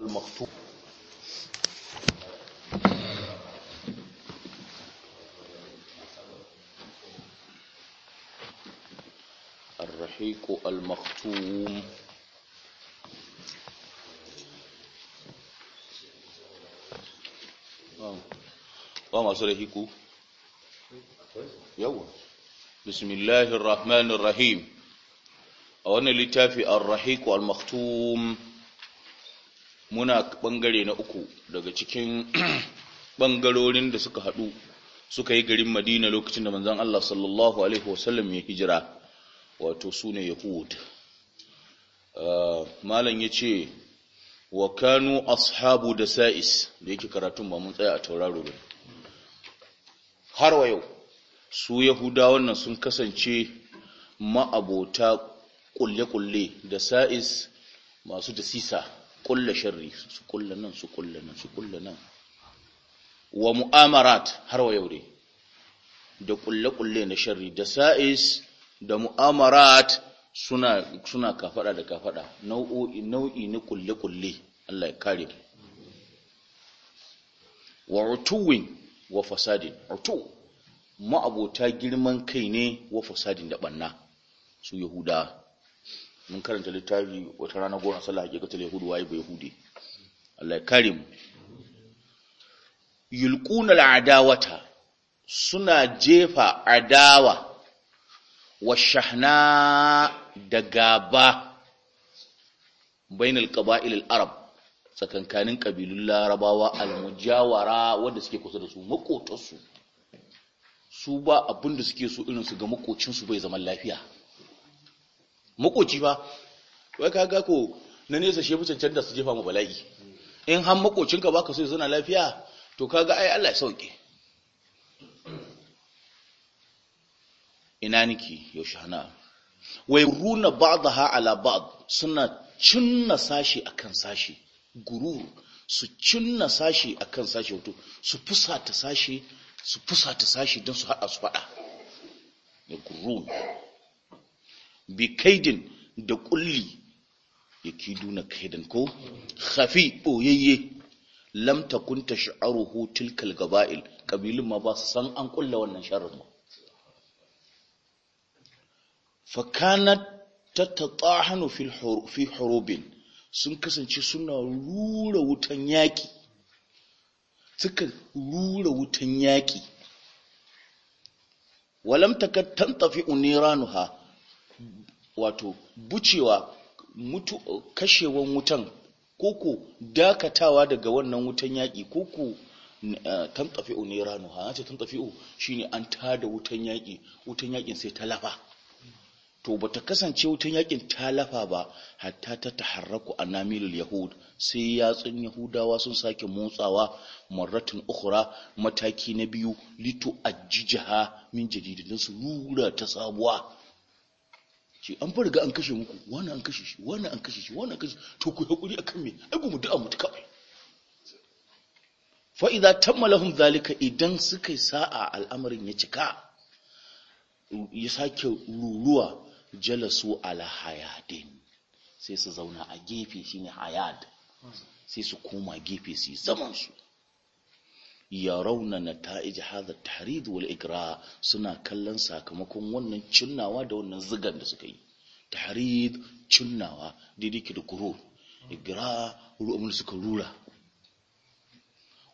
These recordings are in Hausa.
المخطوب الرحيق المختوم اه ما صار بسم الله الرحمن الرحيم اولا لتافي الرحيق المختوم muna bangare na uku daga cikin bangarorin da suka haɗu suka yi garin Madina lokacin da manzon Allah sallallahu alaihi wasallam ya hijira wato sune yahud uh, malam ce wa kanu ashabu da sa'is da yake karatun ba mun tsaya a tauraro ba har wa yau su Yahuda wannan sun kasance ma'abota kulle-kulle da sa'is masu tasisa kulla sharri su kulla nan su kulla nan su kulla nan wa mu'amarat har wa yau da kulle-kulle na sharri da sa'is da mu'amarat suna suna kafada da kafada nau'o'i nau'i na kulle-kulle Allah ya kare wa utuwin wa fasadin utu ma'abota girman kai ne wa fasadin da banna su yahuda mun karanta littafi wata rana goma sallah hakikatul yahudu wayi bai yahudi Allah ya kare mu yulquna al'adawata suna jefa adawa wa shahna da gaba bainal qaba'il al-arab tsakankanin ƙabilun larabawa al-mujawara wanda suke kusa da su makotarsu su ba abinda suke so irin su ga makocinsu bai zaman lafiya makoci ba wai kaga ko na nesa shi cancan da su jefa mu bala'i in han makocinka ka so zana lafiya to ka ga, ai Allah ya sauke ina niki yaushe hana wai runa ha ala ba suna cinna sashi akan sashi gurur su cinna sashi akan sashi wato su fusata sashi su ta sashi don su haɗa su faɗa, ya Bikaidin da kulli ya duna kaidin ko khafi boyayye lam takun tash'aruhu tilkal gaba'il ƙabilun ma ba su san an kulla wannan sharrin ma fa kanat tatatahanu fil fi hurubin sun kasance suna rura wutan yaƙi. suka rura wutan yaƙi walam takat tantafi wato bucewa mutu kashewan wutan koko dakatawa daga wannan wutan yaƙi koko eh, tantafi'u ne rano, ha ce tantafi'u shine an tada wutan yaƙi wutan yaƙin sai ta lafa to ta kasance wutan yaƙin ta lafa ba hatta ta taharraku anamilul yahud sai yatsun yahudawa sun sake motsawa marratin ukhra mataki na biyu litu ajijaha min jadidin su rura ta sabuwa shi an fara ga an kashe muku wani an kashe shi wani an kashe shi wani an kashe to ku hakuri akan me ai ku mu a mutu kawai fa idza tamma zalika idan suka yi sa'a al'amarin ya cika ya sake ruruwa jalasu ala sai su zauna a gefe shine hayad sai su koma gefe su yi zaman su yarawna ta iji haza tarihi wal ikra suna kallon sakamakon wannan cinnawa da wannan zigan da suka yi tarihi cinnawa daidai ke da kuro ikra ru'amul suka rura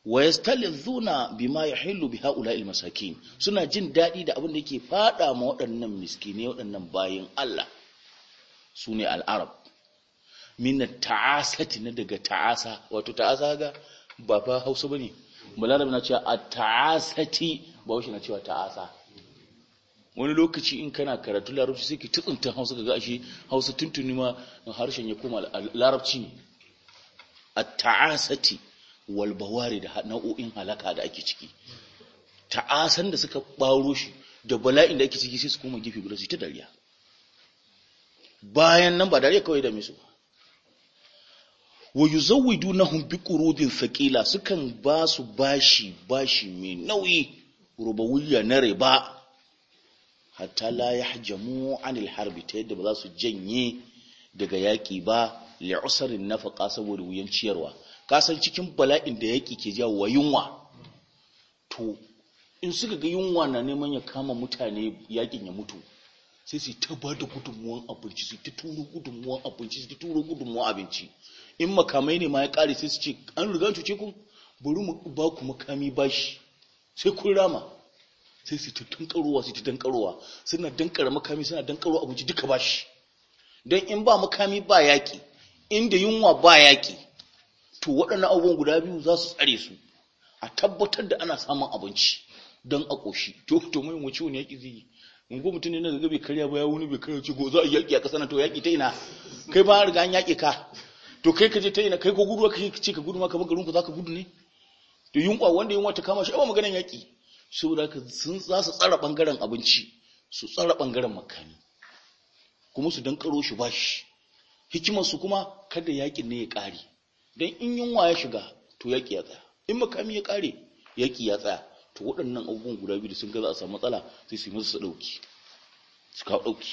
wa yastalidhuna bima yahillu bi ha'ula'il masakin suna jin dadi da abin da yake fada ma waɗannan miskine waɗannan bayin Allah sune al-arab min taasati na daga ta'asa wato ta'asa ga ba Hausa bane balarabe na cewa a ta'asati ba shi na cewa ta'asa wani lokaci in kana karatu larabci sai ki tutsunta hausa ga ashe hausa tuntuni ma harshen ya koma larabci ne a ta'asati walbawari da nau'o'in halaka da ake ciki ta'asan da suka ɓaro shi da bala'in da ake ciki sai su koma gefe guda su ta dariya bayan nan ba dariya kawai da mai su wa yuzawwidunahum qurudin thaqila sukan ba su bashi bashi mai nauyi rubawiyya na riba hatta la yahjamu anil harbi ta yadda ba za su janye daga yaki ba li'usarin nafaqa saboda wuyan ciyarwa kasan cikin bala'in da yaki ke jawo wa yunwa to in suka ga yunwa na neman ya kama mutane yakin ya mutu sai su ta ba da gudunmuwan abinci su ta turo gudunmuwan abinci su ta turo gudunmuwan abinci in makamai ne ma ya kare sai su ce an riga cuce ku bari mu ba ku makami bashi sai kun rama sai su ta dankarowa su ta dankarowa suna dankara makami suna dankaro abinci duka bashi don in ba makami ba yaƙi inda yunwa ba yaƙi to waɗannan abubuwan guda biyu za su tsare su a tabbatar da ana samun abinci don a ƙoshi to to mai wuce wani yaƙi zai yi in ko mutum ne na zaga bai karya ba ya wuni bai karya ce ko za a yaƙi a ƙasa na to yaƙi ta ina kai ba riga an yaƙi ka to kai ka je ta ina kai ko guduwa kai ce ka gudu ma kamar garin ku za ka gudu ne to yunwa wanda yunwa ta kama shi ba maganan yaƙi saboda ka sun za su tsara bangaren abinci su tsara bangaren makami kuma su karo shi bashi hikimar su kuma kada yaƙin ne ya kare dan in yunwa ya shiga to yaƙi ya tsaya in makami ya kare yaƙi ya tsaya to waɗannan abubuwan guda biyu da sun gaza a samu matsala sai su yi musu ɗauki su kawo ɗauki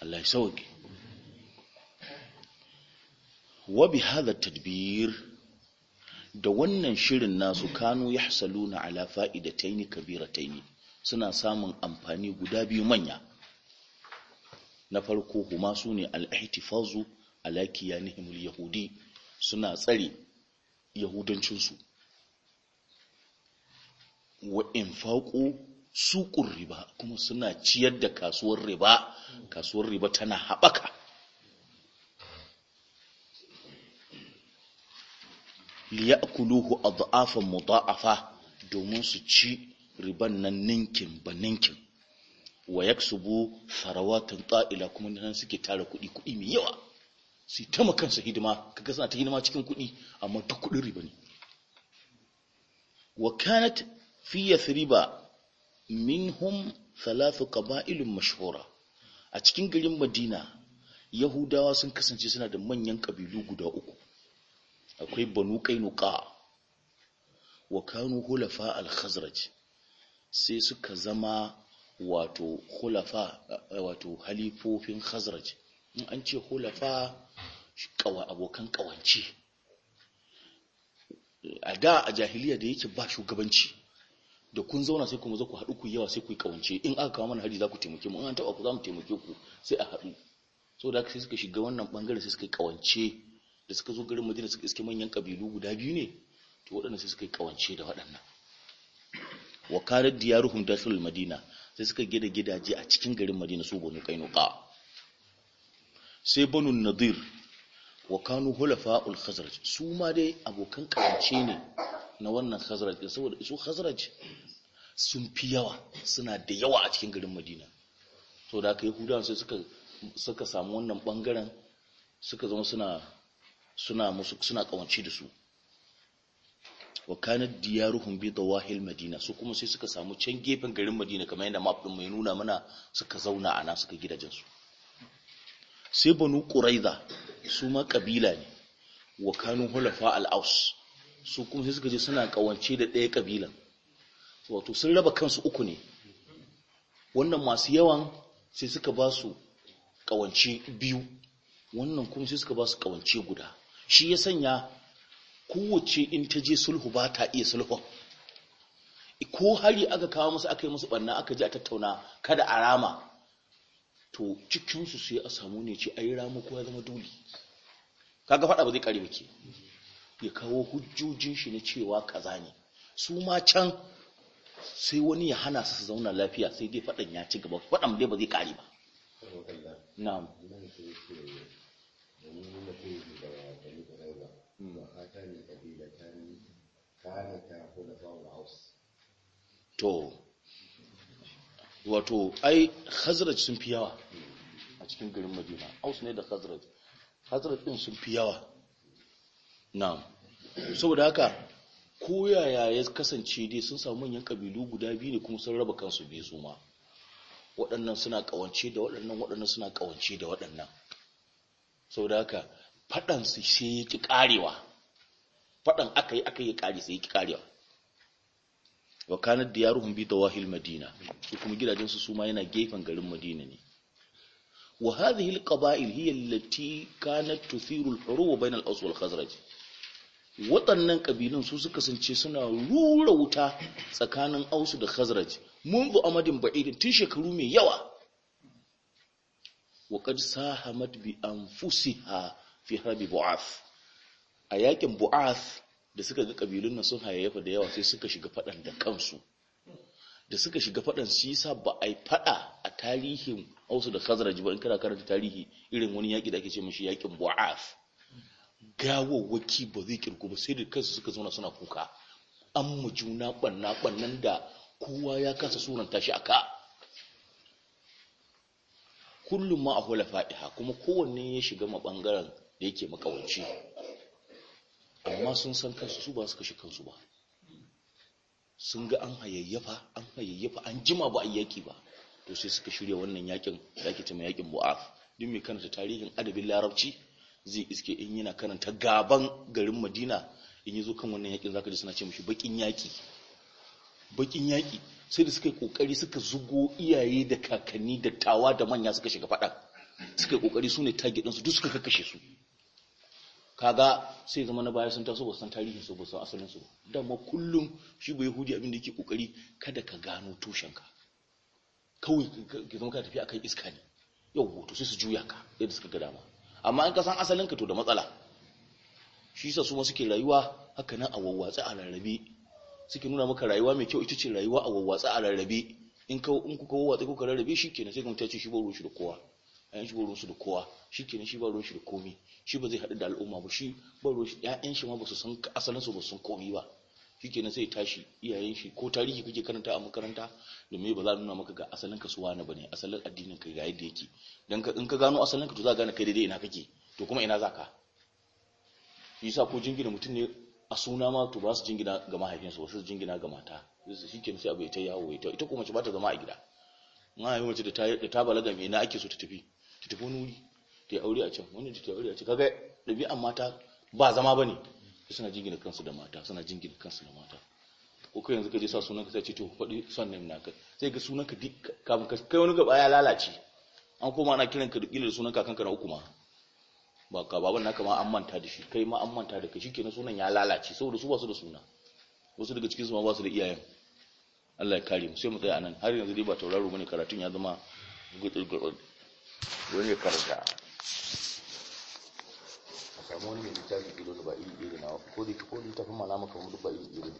Allah ya sauke wa bi hadha tadbir da wannan shirin nasu Kano kanu yahsaluna ala fa'idatayn kabiratayn suna samun amfani guda biyu manya na farko kuma su ne al-ihtifazu ala kiyanihim al-yahudi suna tsare yahudancinsu wa infaqu suƙun riba kuma suna ciyar da kasuwar riba kasuwar riba tana haɓaka liyakuluhu mu mudha'afa domin su ci riban nan ninkin ba ninkin wa yaksubu farawatan ta'ila kuma nan suke tara kuɗi kuɗi mai yawa su ta makansa hidima kaga suna ta hidima cikin kuɗi amma duk kuɗin riba ne wa kanat fi yathriba minhum thalathu qaba'ilun mashhura a cikin garin madina yahudawa sun kasance suna da manyan kabilu guda uku akwai banu qainuqa wa kanu hulafa al sai suka zama wato hulafa wato halifofin khazraj in an ce hulafa kawa abokan kawance a da a jahiliya da yake ba shugabanci da kun zauna sai kuma zo ku haɗu ku yawa sai ku yi kawance in aka kawo mana hari za ku taimake mu in an taɓa ku za mu taimake ku sai a haɗu so da sai suka shiga wannan bangare sai suka yi kawance da suka zo garin madina suka iske manyan kabilu guda biyu ne to waɗannan sai suka yi kawance da waɗannan wa karar diyaruhum dakhilul madina sai suka gida gidaje a cikin garin madina su banu kainuka sai banu nadir wa kanu ul khazraj su ma dai abokan kawance ne na wannan khazraj saboda su khazraj sun fi yawa suna da yawa a cikin garin madina so da aka yi hudu sai suka samu wannan bangaren suka zama suna musu suna kawanci da su wa kanat diyaruhum bi wahil madina su kuma sai suka samu can gefen garin madina kamar yadda mafi mai nuna mana suka zauna a nan suka gidajen su sai banu ƙuraiza su ma kabila ne wa kanun hulafa al-aus su kuma sai suka je suna kawance da ɗaya kabilan wato sun raba kansu uku ne wannan masu yawan sai suka ba su kawance biyu wannan kuma sai suka ba su kawance guda shi ya sanya kowace in ta je sulhu ba ta iya sulhun ko hari aka kawo masu aka yi masu barna aka ji a tattauna kada a rama to cikinsu sai a samu ne ce a yi ramu ko ya zama dole kaga faɗa ba zai ƙare ba ya kawo hujjojin shi na cewa kaza ne su ma can sai wani ya hana su zauna lafiya sai dai faɗan ya ci gaba faɗan dai ba zai ƙare ba na'am to wato ai hazrat sun fi yawa a cikin garin madina aus ne da hazrat hazrat din sun fi yawa na'am saboda haka ko yaya ya kasance dai sun samu manyan kabilu guda biyu ne kuma sun raba kansu biyu su ma waɗannan suna kawance da waɗannan waɗannan suna kawance da waɗannan sau da haka faɗan su sai ya ki ƙarewa faɗan aka yi aka yi ƙari sai ya ki ƙarewa wa kanar da yaruhun bi da wahil madina su kuma gidajensu su ma yana gefen garin madina ne wa hadhihi alqaba'il hiya allati kanat tuthiru al-huruba bayna al-aws wal khazraj waɗannan ƙabilun su suka sance suna rura wuta tsakanin ausu da khazraj bu amadin ba'idin tun shekaru mai yawa wa qad sahamat bi anfusiha fi harbi bu'ath a yakin bu'ath da suka ga ƙabilun nan sun hayayyafa da yawa sai suka shiga faɗan da kansu da suka shiga faɗan su sa ba a yi faɗa a tarihin ausu da khazraj ba in kana karanta tarihi irin wani yaƙi da ake ce mashi yaƙin bu'ath gawawwaki ba zai kirku ba sai da kansu suka zauna suna kuka an mu juna ɓanna ɓannan da kowa ya kasa suranta shi a ka kullum ma a hula fa'iha kuma kowanne ya shiga maɓangaren da yake makawanci amma sun san kansu su ba su kashe kansu ba sun ga an hayayyafa an hayayyafa an jima ba a yaki ba to sai suka shirya wannan yakin da ake yakin bu'af duk mai ta tarihin adabin larabci zai iske in yana karanta gaban garin madina in yi zo kan wannan yakin zaka ji suna ce mashi bakin yaki bakin yaki sai da suka yi kokari suka zugo iyaye da kakanni da tawa da manya suka shiga faɗa suka yi kokari su ne target ɗinsu duk suka kakashe su kaga sai zama na baya sun taso ba san tarihin su ba san asalin su da ma kullum shi bai yahudi abin da yake kokari kada ka gano tushen ka kawai ka zama ka tafi akan iska ne yau hoto sai su juya ka yadda suka ga dama amma in ka san asalin ka to da matsala shi sa su ma suke rayuwa haka nan a wawwatsa a rarrabe suke nuna maka rayuwa mai kyau ita ce rayuwa a wawwatsa a rarrabe in ka in kuka wawwatsa kuka rarrabe shikenan sai kuma ta ce shi ba ruwan shi da kowa ayan shi ba ruwan su da kowa shikenan shi ba ruwan shi da komai shi ba zai hadu da al'umma ba shi ba ruwan shi ƴaƴan shi ma ba su san asalin su ba su san komai ba shikenan sai tashi iyayen shi ko tarihi kake karanta a makaranta domin ba za a nuna maka ga asalin ka suwa na bane asalin addinin ka ga yadda yake dan ka in ka gano asalin ka to za ka gane kai daidai ina kake to kuma ina zaka yasa ko jingina mutum ne a suna ma to ba su jingina ga mahaifinsu ba su jingina ga mata shikenan sai abu ya ta yawo ya ta ita kuma ce ba ta zama a gida na yi mace da ta balaga mai na ake so ta tafi ta tafi wani wuri ta yi aure a can wani ta yi aure a can kaga ɗabi'an mata ba zama ba ne suna jingina kansu da mata suna jingina kansu da mata ko yanzu ka je sa sunanka sai ce to faɗi son name naka sai ga sunanka duk kafin ka kai wani gaba ya lalace an koma ana kiran ka da kila da kanka na uku ma ba ka baban naka ma an manta da shi kai ma an manta da kai shikenan sunan ya lalace saboda su ba su da suna wasu daga cikin su ma ba su da iyayen Allah ya kare mu sai mu tsaya anan har yanzu dai ba tauraro bane karatun ya zama gudu gudu wani ya karanta samu wani mai littafi da ba iri iri na ko da ko littafin malamu kamar ba iri iri